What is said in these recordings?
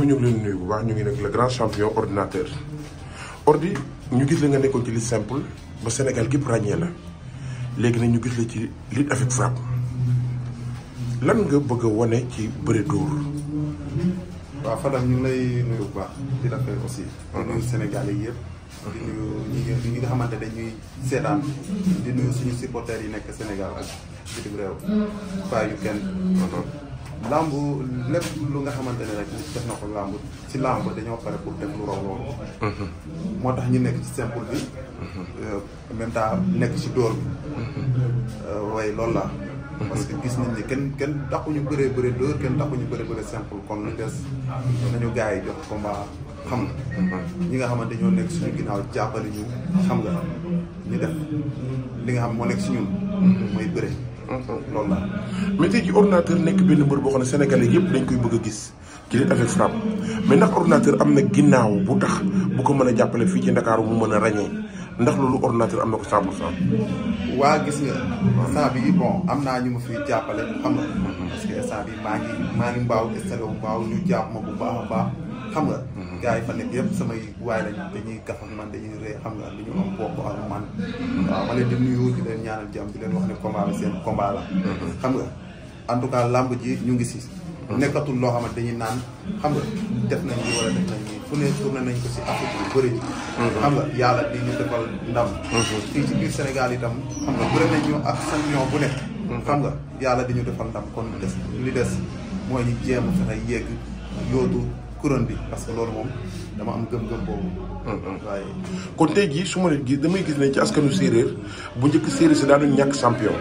ñu ngi nuyu bu baax ñu ngi nag le grand champion ordinateur ordi ñu gis la nga nekkoon ci lutte simple ba Sénégal gépp ràññee la léegi nag ñu gis la ci lutte avec frappe lan nga bëgg woné ci bëre wa waaw Fadam ñu ngi lay nuyu bu baax di rafet aussi. di sénégalais yépp yi di nuyu ñi nga xamante ne ñuy seetaan di nuyu suñu supporters yi nekk Sénégal ak bitim réew bàyyi ñu kenn. làmb lépp lu nga xamante ne rek nit def na ko làmb ci làmb dañoo pare pour def lu raw loolu moo tax ñu nekk ci simple bi en euh, même temps nekk ci dóor bi euh, waaye loolu la parce que gis nañ ni kenn kenn taxuñu bëree bëri dóor kenn ñu bëree bëri simple kon lu des nañu gars yi jox combat xam nga ñi nga xamante ñoo nekk suñu ginnaaw jàppale ñu xam nga ñu def li nga xam moo nekk si ñun mooy bëre noonu la mais tey ordinateur nekk benn mbër boo xam ne sénégalais yëpp dañ koy bëgg a gis ci lit avec frappe mais ndax ordinateur am na ginnaaw bu tax bu ko mën a jàppale fii ci ndakaaru mu mën a ràññee ndax loolu ordinateur am na ko cent pour cent waa gis nga instant bi bon am naa ñu ma fi jàppale xam nga parce que instant bi maa ngi maa ngi mbaaw installé wu mbaaw ñu jàpp ma bu baax a baax xam nga gars yi fa nekk yëpp samay waay lañ dañuy gaf ak man dañuy ree xam nga li ñu am bokk ak man waaw ma leen di nuyu di leen ñaanal jàmm di leen wax ne combat bi seen combat la xam nga en tout cas lamb ji ñu ngi si nekkatul loo xamante dañuy naan xam nga def nañ wala def nañ nii fu ne tourné nañ ko si Afrique bu bëri xam nga yàlla di ñu defal ndam fii ci biir Sénégal itam xam nga bëri nañ ñu ak sanction bu nekk xam nga yàlla di ñu defal ndam kon des li des mooy ñu jéem a fexe yéeg couronne bi parce que loolu moom dama am gëm-gëm boobu. Mm-hmm. waaye. kon tey jii su ma leen gis damay gis ne ci askanu séeréer bu njëkk séeréer si daanu ñàkk champion.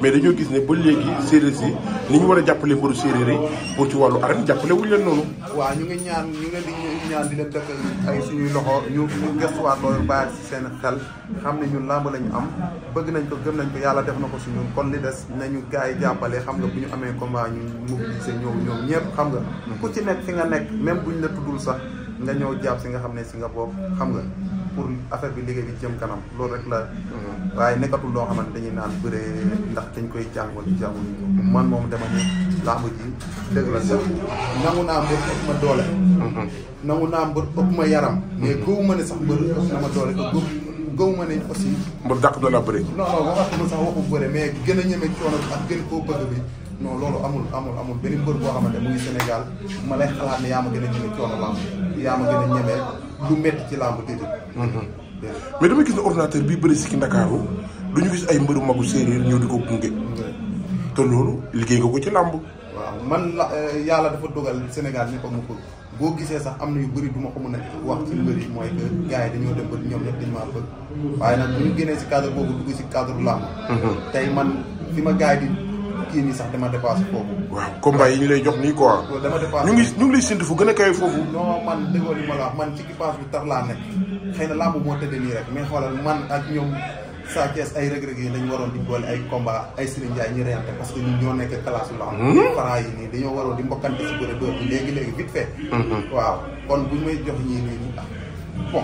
mais dañoo gis ne ba léegi séeréer si ni ñu war a jàppale mbaru séeréer yi pour ci wàllu arène jàppale wuñ leen noonu. waa ñu ngi ñaan ñu ngi leen di ñaan di leen def ay suñuy loxo ñu ñu gëstuwaat loolu bàyyi ci seen xel xam ne ñun làmb lañu am bëgg nañ ko gëm nañ ko yàlla def na ko suñu kon li des nañu gars yi jàppale xam nga bu ñu amee comment ñu mobiliser ñoom ñoom ñëpp xam nga ku ci nekk fi nga nekk même ñu la tuddul sax nga ñëw jàpp si nga xam ne si nga bokk xam nga pour affaire bi liggéey bi jëm kanam loolu rek la. waaye nekkatul loo xamante dañuy naan bëree ndax dañ koy jàngoon di jànguñu man moom dama ne ji dëgg la sax nangu naa mbër ëpp ma doole. nangu naa mbër ëpp ma yaram. mais gëw ma ne sax mbër ëpp na ma doole ko gëw. ma ne aussi. mbër dàq doole a bëri. non non waxatuma sax waxu bëre mais gën a ñeme coono ak gën koo bëgg bi. non loolu amul amul amul benn mbër boo xamante mu ngi Sénégal ma lay xalaat ne yaa ma gën a jënd coono làmb yaa ma gën a ñeme lu métti ci làmb mhm. déedéet. mais dama gis ne ordinateur bii bëri si ki Ndakaaru du ñu gis ay mbëru magu séeréer ñëw di ko gunge. te loolu liggéey nga ko ci làmb. waaw man la euh, yàlla dafa dogal Sénégal ni ko ma ko boo gisee sax am na yu bëri du ma ko mën a wax ci mbër mooy que gars yi dañoo dem ba ñoom ñëpp dañu maa bëgg waaye nag bu ñu génnee si cadre boobu dugg si cadre làmb. Mhm. tey man fi ma gars yi kii nii sax dama dépassé foofu. waaw combat yi ñu lay jox nii quoi. dama dépassé ñu ngi ñu ngi lay fu non man déggoo li ma la man ci kipaas bi tax laa nekk xëy na rek mais xoolal man ak ñoom Sa Thiès ay yi di boole ay combat ay Serigne Ndiaye ñu reyante parce que ñun ñoo nekk classe la xam. parents hmm? yi dañoo di mbokkante si bëre dóor bi léegi vite fait. Hmm. waaw kon buñ may jox ñii nii bon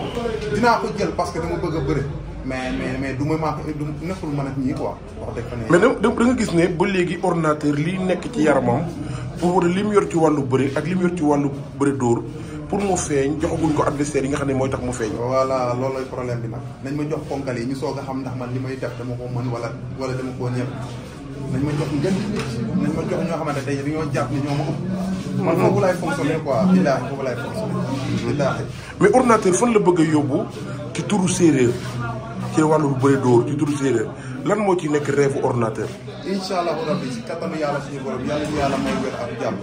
dinaa ko jël parce que dama bëgg bëre mais mais mais du ma ma du nekkul mën ak ñii quoi wax dëgg fa ne. gis ne ba léegi ordinateur li nekk ci yaramam pour li mu yor ci wàllu bëri ak li yor ci wàllu bëri dóor pour mu feeñ joxaguñ ko adversaire yi nga xam ne mooy tax mu feeñ. voilà loolooy problème bi nag nañ ma jox ponkal yi ñu soog a xam ndax man li may def dama ko mën wala wala dama koo ñëw nañ ma jox ngeen nañ ma jox ñoo xamante ne dañoo jàpp ni ñoo ma ëpp. man mm-hmm. foofu laay fonctionné quoi billaahi foofu laay fonctionné. ordinateur fan la bëgg a yóbbu ci turu séeréer. ci walu bëri door ci tour géré lan mo ci nek rêve ordinateur inshallah rabbi ci katam yàlla suñu borom yàlla ñu yàlla may wër ak jamm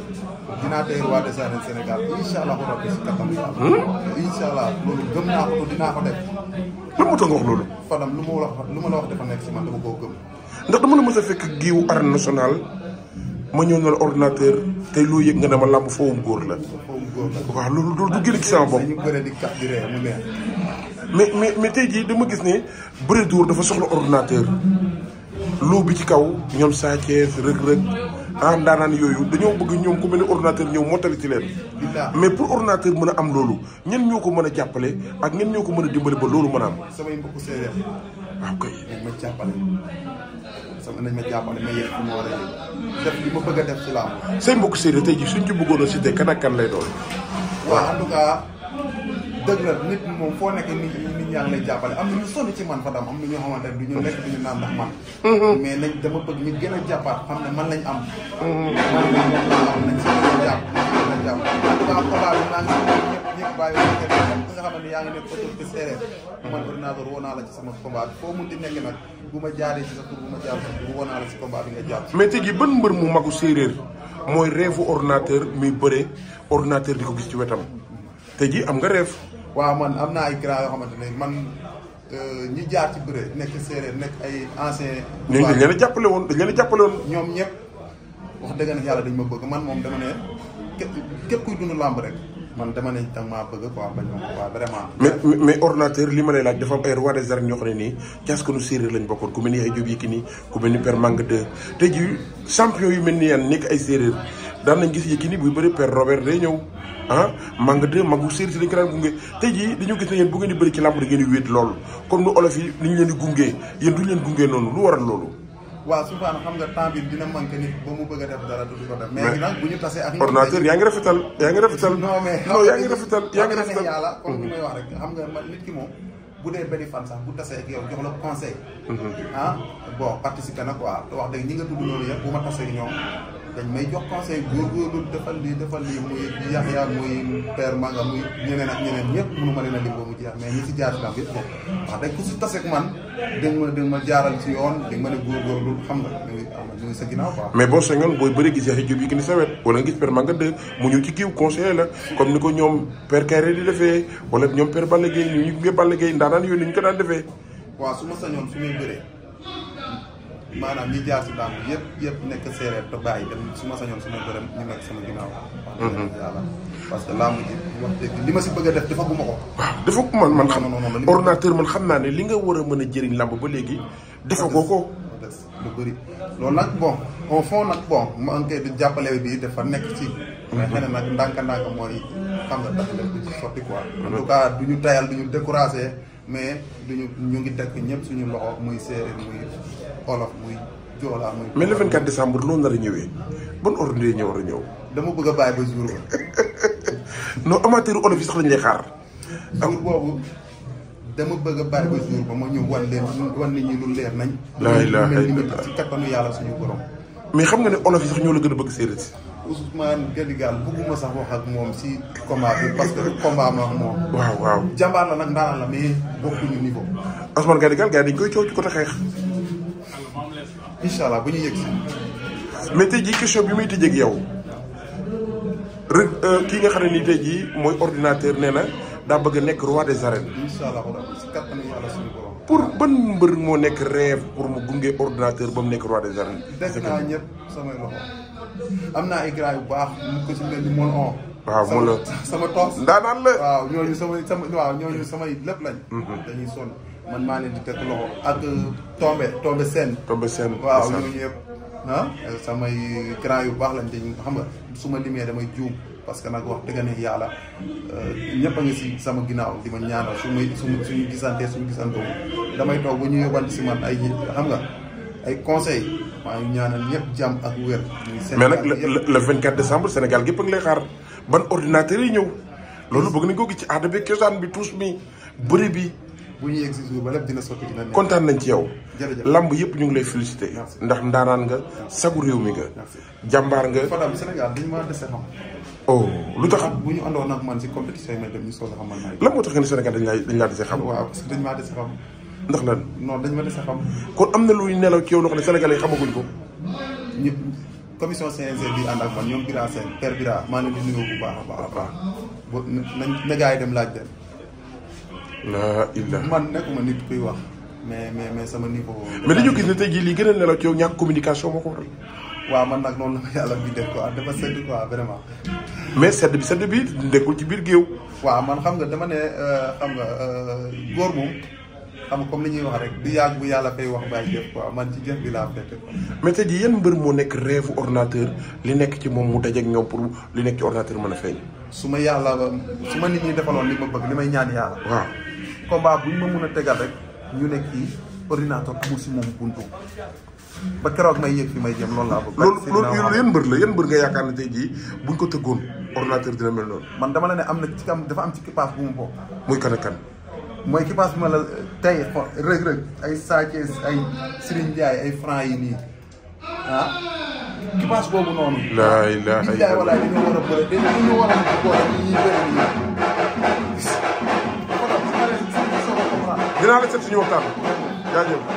dina tey roi des arènes sénégal incha rabbi ci katam yàlla inshallah allah gëm na ko dina ko def lu mu to nga wax lolu fadam lu mu wax lu ma la wax dafa nek ci man dama ko gëm ndax dama la mës fekk giiw ar national ma ñëw na ordinateur té loo yëg nga dama lamb làmb fowum góor la fowum lolu do gëri ci sama bop ñu bëre di kat di ree mu neex mais mais mais tey jii dama gis ne Bëré Dóor dafa soxla ordinateur loo bi ci kaw ñoom Sa Thiès Reug Reug ah daanaan yooyu dañoo bëgg ñoom ku mel ne ordinateur ñëw mottali ci leen. mais pour ordinateur mën a am loolu ñen ñoo ko mën a jàppale ak ñen ñoo ko mën a dimbale ba loolu mën am. samay mbokku séeréer. waaw ah, kay nañ ma jàppale sama nañ ma jàppale ma mbokku séeréer tey jii suñ ci bëggoon a cité kan lay doon. waaw dëgg la nit moom foo nekk nit nit ñaa ngi lay jàppale am na ñu sonn ci man fa dam am na ñoo xamante ne du ñu lekk mm-hmm. mais nañ dama bëgg ñu gën a jàppaat xam ne man lañ am mm-hmm. man laa am nañ ngi ne yaa ngi naa la ci sama combat bi foo nekk nag bu ma jaaree ci sa tur bu ma naa la ci bi nga jàpp mais tey ban mbër mu magu séeréer mooy réewu ordinateur muy bëre ordinateur di ko gis ci wetam te ji am nga reef. waaw man am naa ay grand yoo xamante ne man euh, ñi jaar ci bëre nekk séeréer nekk ay ancien. ñooñu dañ leen a jàppale woon dañ ñoom ñëpp wax dëgg nag yàlla dañ ma bëgg man moom dama ne képp kuy dund làmb rek man dama ne da maa bëgg quoi bañ ma ko waaw vraiment. mais mais ordinateur li ma lay laaj dafa am ay roi des arènes ñoo ne nii ci askanu séeréer lañ bokkoon ku mel ni ay Diop Yékini ku mel ni Père Manga 2 te ji champion yu mel ni yan nekk ay séeréer. dan nañ gis yekini bu bëri père Robert day ñew han ah, mang de magu sir ci dañ ko daan gunge tey jii dañu gis ne yéen bu ngeen di bëri ci lamb da ngeen di wéet loolu comme nu olof yi ni ñu leen di gungee yéen duñ leen gungé noonu lu waral lool wa subhanahu xam nga temps bi dina manqué nit ba mu bëgg def dara du ko def mais nak bu ñu tasee ak ordinateur ya nga rafetal ya nga rafetal non mais non ya nga rafetal ya nga rafetal yàlla comme ni mhm. may wax rek xam nga nit ki moom bu dé benn fan sax bu tassé ak yow jox la conseil han mhm. ah, bon participer na quoi wax dëgg ñi nga tuddu loolu yëpp bu ma tasee ñoom dañ may jox conseil góorgóorlu defal lii defal lii muy Yaxya muy père Manga muy ñeneen ak ñeneen ñëpp mënu ma leen na lim ba mu jeex mais ñi ci jaar si dam yëpp man dégg ma dégg ma jaaral si yoon dégg ma ne góorgóorlu xam nga ñu ngi am ñu ngi sa ginnaaw quoi mais boo sañoon booy bëri gis Yaxya Jóob yi ki ni sa wet wala nga gis père Manga de mu ñëw ci kiiw conseiller la comme ni ko ñoom père Kayre di defee wala ñoom père Balla Gaye ñu ñu ngi Balla Gaye ndaanaan yooyu ni ñu ko daan defee waaw su ma sañoon su may bëree manam ni jaar ci làmb yépp yépp nek séré te baye dem su ma sañoon su ma ñu nek sama ginaaw mhm. parce que làmb ji wax dëgg li ma si bëgg def dafa guma ko waaw ko man man xam ordinateur man xam na ne li nga wara mëna jëriñ lamb ba légui dafa goo ko lu bari loolu nak bon au fond nak bon ma ngi koy di jàppale bi dafa nek ci mais nak na nag ndànk-ndànk xam nga tax leen ci sorti quoi en tout cas duñu tayal duñu ñu mais duñu ñu ngi tek ñepp suñu loxo muy séré muy olof muy joolaa muy. mais le 24 décembre loolu la la ñëwee ban ordre yi ñëw war a ñëw. dama bëgg a bàyyi ba jour ba. non amateur olof yi sax lañ lay xaar. jour boobu dama bëgg a bàyyi ba jour ba ma ñëw wan leen wan nit ñi lu leer nañ. laa ilaaha illallaah ci kattanu yàlla suñu borom. mais xam nga ne olof yi sax ñoo la gën a bëgg séeréer si. Ousmane Gadigal bëgguma sax wax ak moom si combat bi parce que combat ma ak moom. waaw waaw jàmbaar la nag ndaanaan la mais bokkuñu niveau. Ousmane Gadigal gars yi dañ koy coow ci côté xeex. incha allah bu ñu yëg si. mais tey jii question bi may tëjee ak yow rek euh, kii nga xam ne nii tey jii mooy ordinateur nee na daa bëgg a nekk roi des arènes. incha allah si kattan yàlla pour bën mbër moo nekk rêve pour mu gunge ordinateur ba mu nekk roi des arènes. def naa ñëpp samay loxo am naa ay gars yu baax mu ko si mel ni mool on. waaw mool la sama sama toog. ndaanaan la waaw ñooñu samay sama waaw ñooñu samay lañ. Mhm. dañuy sonn. man maa leen di teg loxo ak tombe tombe seen tombe seen waaw ñooñu yëpp ah samay grand yu baax lañ te xam nga su ma damay juum parce que nag wax dëgg ne yàlla euh, ñëpp a sama ginnaaw di ma ñaanal su may su suñu gisantee suñu gisantoo damay toog ba ñu yóbbante si man ay xam nga ay conseil maa ngi ñaanal ñëpp jàmm ak wér. mais nag le 24 décembre Sénégal gépp a lay xaar ban ordinateur yi ñëw loolu bëgg nañ ko gis ci aada bi bi tuus mi bëri bi. bu ñuy exiger ba lépp dina sotti kontaan nañ ci yow. jërëjëf lamb yëpp ñu ngi lay félicité. ndax ndaanaan nga. sagu réew mi nga. jàmbaar nga. Fadam Sénégal dañ maa dese xam. oh lu tax bu ñu àndoon ak man si compétition yi may dem ñu soog a xamal maay. lan moo tax ngeen Sénégal dañ laa dañ laa dese kon am na luy nelaw ci yow loo xam ne sénégalais xamaguñ ko. ñu commission CNG bi ànd ak man ñoom Bira Sène père Bira bu baax a baax a baax na na gars yi dem laaj leen la illah man nekkuma nit kuy wax mais mais mais sama niveau. mais dañu gis ne tey jii lii gën a ci yow communication moo waral. waaw man nag loolu la ma bi def quoi dafa sedd quoi vraiment. mais sedd bi sedd bi ci man xam nga dama ne eh, xam eh, nga eh, góor moom xam nga comme li wax rek du yàgg bu yàlla fay wax bàyyi jëf quoi man ci jëf bi laa fekk mais tey jii yan mbër moo nekk rêve ordinateur li ci mu pour li ci ordinateur nit ñi li ma bëgg ñaan waaw. combat bu ñu ma mun a tegal rek ñu ne kii ordinateur amul si moom buntu ba keroog may yëg fi may jëm loolu laa bëgg. loolu loolu mbër la yan mbër nga yaakaar ne tey jii buñ ko tëggoon ordinateur dina mel noonu. man dama la ne am na ci kam dafa am ci kipaas bu mu boo muy kan ak mooy kipaas bi tey xool ay Sa ay Serigne Ndiaye ay franc yi nii ah boobu noonu. la ilaha illallah walaay dañoo war a bëri dañoo war a dinaa la seet si ñu waxtaan jaajëf